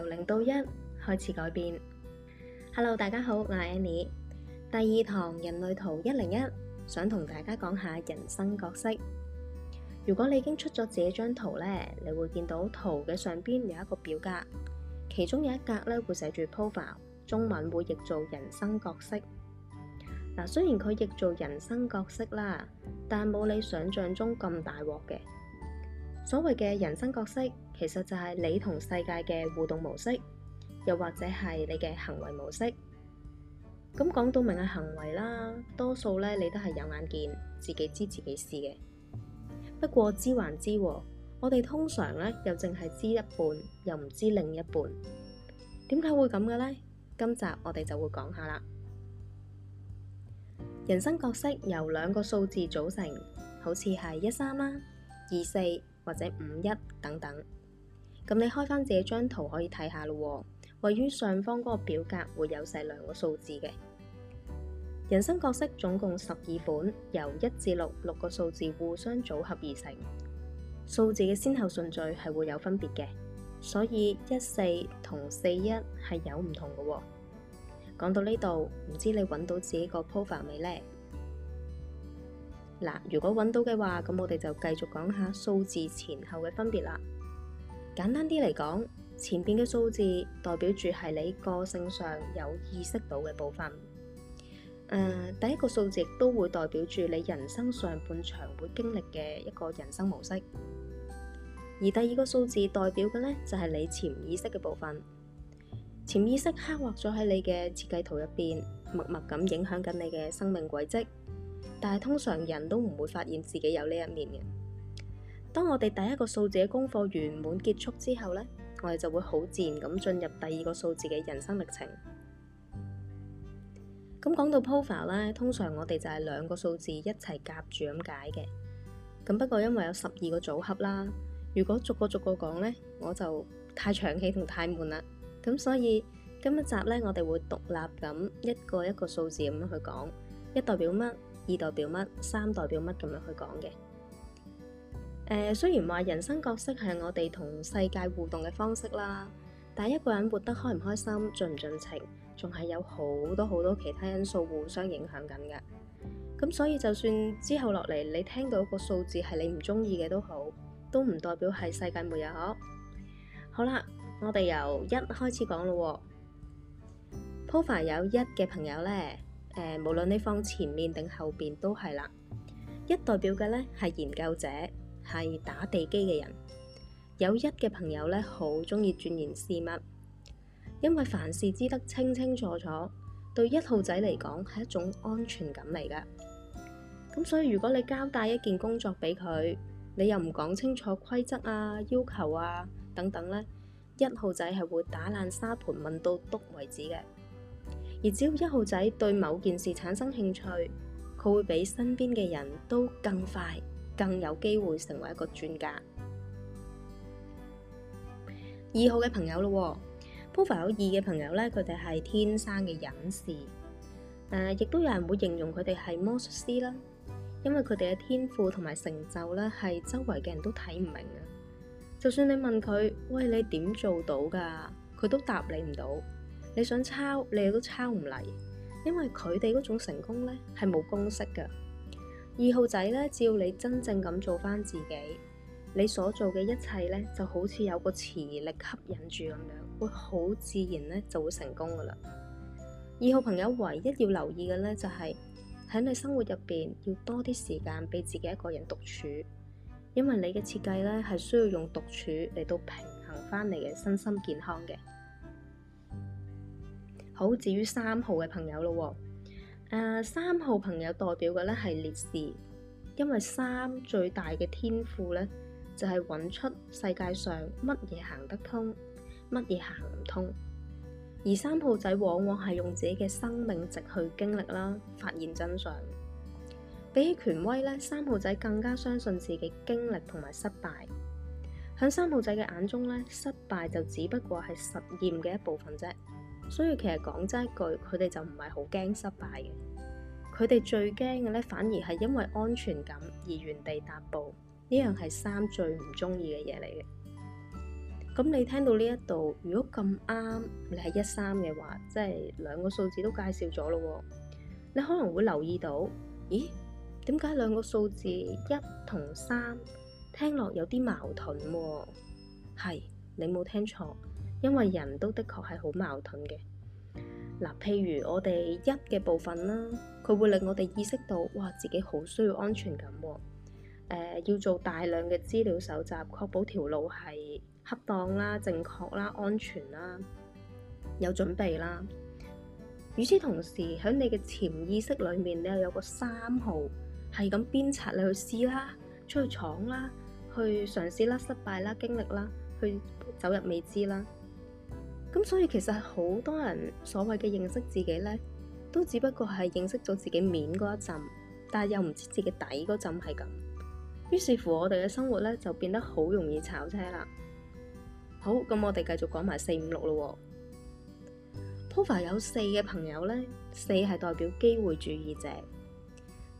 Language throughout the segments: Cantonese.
由零到一開始改變。Hello，大家好，我係 Annie。第二堂人類圖一零一，想同大家講下人生角色。如果你已經出咗這張圖呢，你會見到圖嘅上邊有一個表格，其中有一格呢會寫住 Profile，中文會譯做人生角色。嗱，雖然佢譯做人生角色啦，但冇你想象中咁大鑊嘅。所謂嘅人生角色。其實就係你同世界嘅互動模式，又或者係你嘅行為模式。咁講到明係行為啦，多數呢你都係有眼見，自己知自己事嘅。不過知還知，我哋通常呢又淨係知一半，又唔知另一半。點解會咁嘅呢？今集我哋就會講下啦。人生角色由兩個數字組成，好似係一三啦、二四或者五一等等。咁你開翻自己張圖可以睇下咯，位於上方嗰個表格會有細兩個數字嘅人生角色，總共十二款，由一至六六個數字互相組合而成，數字嘅先後順序係會有分別嘅，所以一四同四一係有唔同嘅。講到呢度，唔知你揾到自己個 Profile 未呢？嗱，如果揾到嘅話，咁我哋就繼續講下數字前後嘅分別啦。簡單啲嚟講，前邊嘅數字代表住係你個性上有意識到嘅部分。誒，第一個數字都會代表住你人生上半場會經歷嘅一個人生模式，而第二個數字代表嘅呢，就係你潛意識嘅部分。潛意識刻畫咗喺你嘅設計圖入邊，默默咁影響緊你嘅生命軌跡，但係通常人都唔會發現自己有呢一面嘅。當我哋第一個數字嘅功課完滿結束之後呢，我哋就會好自然咁進入第二個數字嘅人生歷程。咁講到 Profile 咧，通常我哋就係兩個數字一齊夾住咁解嘅。咁不過因為有十二個組合啦，如果逐個逐個講呢，我就太長氣同太悶啦。咁所以今一集呢，我哋會獨立咁一個一個數字咁樣去講，一代表乜，二代表乜，三代表乜咁樣去講嘅。誒、呃，雖然話人生角色係我哋同世界互動嘅方式啦，但係一個人活得開唔開心、盡唔盡情，仲係有好多好多其他因素互相影響緊嘅。咁所以就算之後落嚟你聽到個數字係你唔中意嘅都好，都唔代表係世界末日。好啦。我哋由一開始講咯。Profile 有一嘅朋友呢，誒、呃，無論你放前面定後邊都係啦，一代表嘅呢係研究者。係打地基嘅人，有一嘅朋友呢，好中意鑽研事物，因為凡事知得清清楚楚，對一號仔嚟講係一種安全感嚟㗎。咁所以，如果你交代一件工作俾佢，你又唔講清楚規則啊、要求啊等等呢，一號仔係會打爛沙盤問到篤為止嘅。而只要一號仔對某件事產生興趣，佢會比身邊嘅人都更快，更有機會成為一個專家。二號嘅朋友咯，Profile 二嘅朋友呢，佢哋係天生嘅隱士，誒、呃，亦都有人會形容佢哋係魔術師啦，因為佢哋嘅天賦同埋成就呢，係周圍嘅人都睇唔明啊！就算你問佢，喂，你點做到噶？佢都答你唔到。你想抄，你都抄唔嚟，因為佢哋嗰種成功呢，係冇公式噶。二號仔呢，只要你真正咁做翻自己，你所做嘅一切呢，就好似有個磁力吸引住咁樣，會好自然呢就會成功噶啦。二號朋友唯一要留意嘅呢，就係喺你生活入邊要多啲時間俾自己一個人獨處，因為你嘅設計呢，係需要用獨處嚟到平衡翻你嘅身心健康嘅。好，至於三號嘅朋友咯。誒、啊、三號朋友代表嘅呢，係烈士，因為三最大嘅天賦呢，就係、是、揾出世界上乜嘢行得通，乜嘢行唔通。而三號仔往往係用自己嘅生命值去經歷啦，發現真相。比起權威呢，三號仔更加相信自己經歷同埋失敗。響三號仔嘅眼中呢，失敗就只不過係實驗嘅一部分啫。所以其實講真一句，佢哋就唔係好驚失敗嘅，佢哋最驚嘅咧，反而係因為安全感而原地踏步。呢樣係三最唔中意嘅嘢嚟嘅。咁你聽到呢一度，如果咁啱你係一三嘅話，即係兩個數字都介紹咗咯。你可能會留意到，咦？點解兩個數字一同三，聽落有啲矛盾喎、啊？係，你冇聽錯。因為人都的確係好矛盾嘅嗱、啊，譬如我哋一嘅部分啦，佢會令我哋意識到，哇，自己好需要安全感喎、呃。要做大量嘅資料搜集，確保條路係恰當啦、正確啦、安全啦、有準備啦。與此同時，喺你嘅潛意識裏面，你又有個三號，係咁鞭策你去試啦，出去闖啦，去嘗試啦、失敗啦、經歷啦，去走入未知啦。咁所以其實好多人所謂嘅認識自己呢，都只不過係認識咗自己面嗰一浸，但係又唔知自己底嗰浸係咁。於是乎，我哋嘅生活呢，就變得好容易炒車啦。好，咁我哋繼續講埋四五六咯喎。Profile 有四嘅朋友呢，四係代表機會主義者。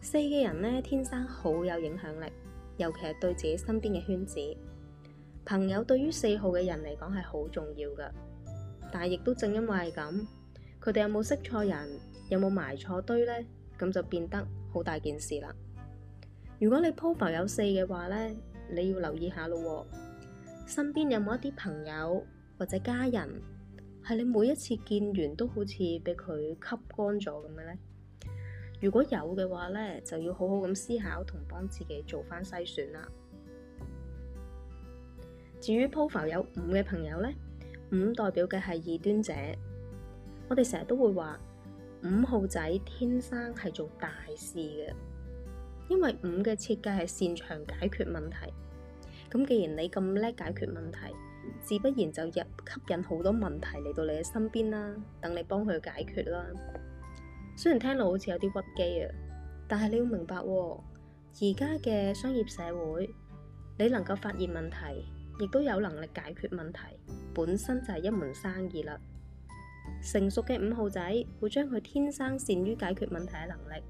四嘅人呢，天生好有影響力，尤其係對自己身邊嘅圈子朋友，對於四號嘅人嚟講係好重要㗎。但亦都正因為咁，佢哋有冇識錯人，有冇埋錯堆呢？咁就變得好大件事啦。如果你 profile 有四嘅話呢，你要留意下咯。身邊有冇一啲朋友或者家人，係你每一次見完都好似俾佢吸乾咗咁嘅呢？如果有嘅話呢，就要好好咁思考同幫自己做翻篩選啦。至於 profile 有五嘅朋友呢？五代表嘅係異端者，我哋成日都會話五號仔天生係做大事嘅，因為五嘅設計係擅長解決問題。咁既然你咁叻解決問題，自不然就吸引好多問題嚟到你嘅身邊啦，等你幫佢解決啦。雖然聽落好似有啲屈機啊，但係你要明白喎，而家嘅商業社會，你能夠發現問題，亦都有能力解決問題，本身就係一門生意啦。成熟嘅五號仔會將佢天生善於解決問題嘅能力，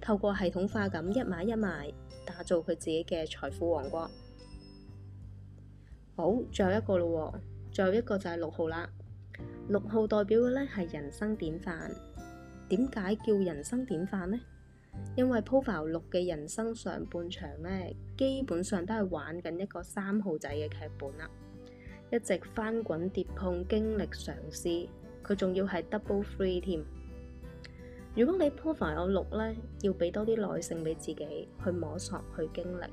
透過系統化咁一買一賣，打造佢自己嘅財富王國。好，最後一個啦，喎，最後一個就係六號啦。六號代表嘅呢係人生典範，點解叫人生典範呢？因為 profile 六嘅人生上半場呢，基本上都係玩緊一個三號仔嘅劇本啦，一直翻滾跌碰，經歷嘗試，佢仲要係 double free 添。如果你 profile 有六呢，要俾多啲耐性俾自己去摸索去經歷，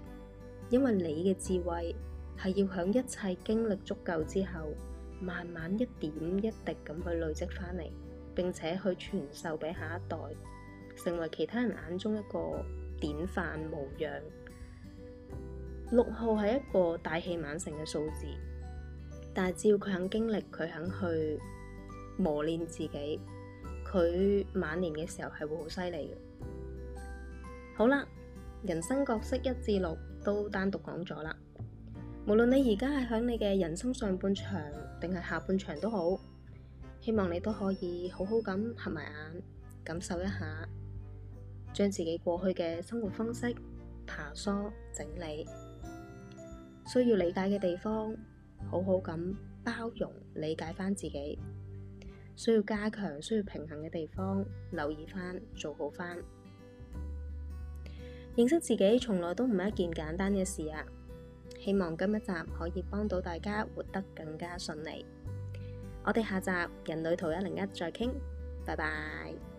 因為你嘅智慧係要響一切經歷足夠之後，慢慢一點一滴咁去累積翻嚟，並且去傳授俾下一代。成為其他人眼中一個典範模樣。六號係一個大器晚成嘅數字，但係只要佢肯經歷，佢肯去磨練自己，佢晚年嘅時候係會好犀利嘅。好啦，人生角色一至六都單獨講咗啦。無論你而家係響你嘅人生上半場定係下半場都好，希望你都可以好好咁合埋眼，感受一下。將自己過去嘅生活方式爬梳整理，需要理解嘅地方，好好咁包容理解返自己，需要加強、需要平衡嘅地方，留意返，做好返。認識自己從來都唔係一件簡單嘅事啊！希望今一集可以幫到大家活得更加順利。我哋下集《人類圖一零一》再傾，拜拜。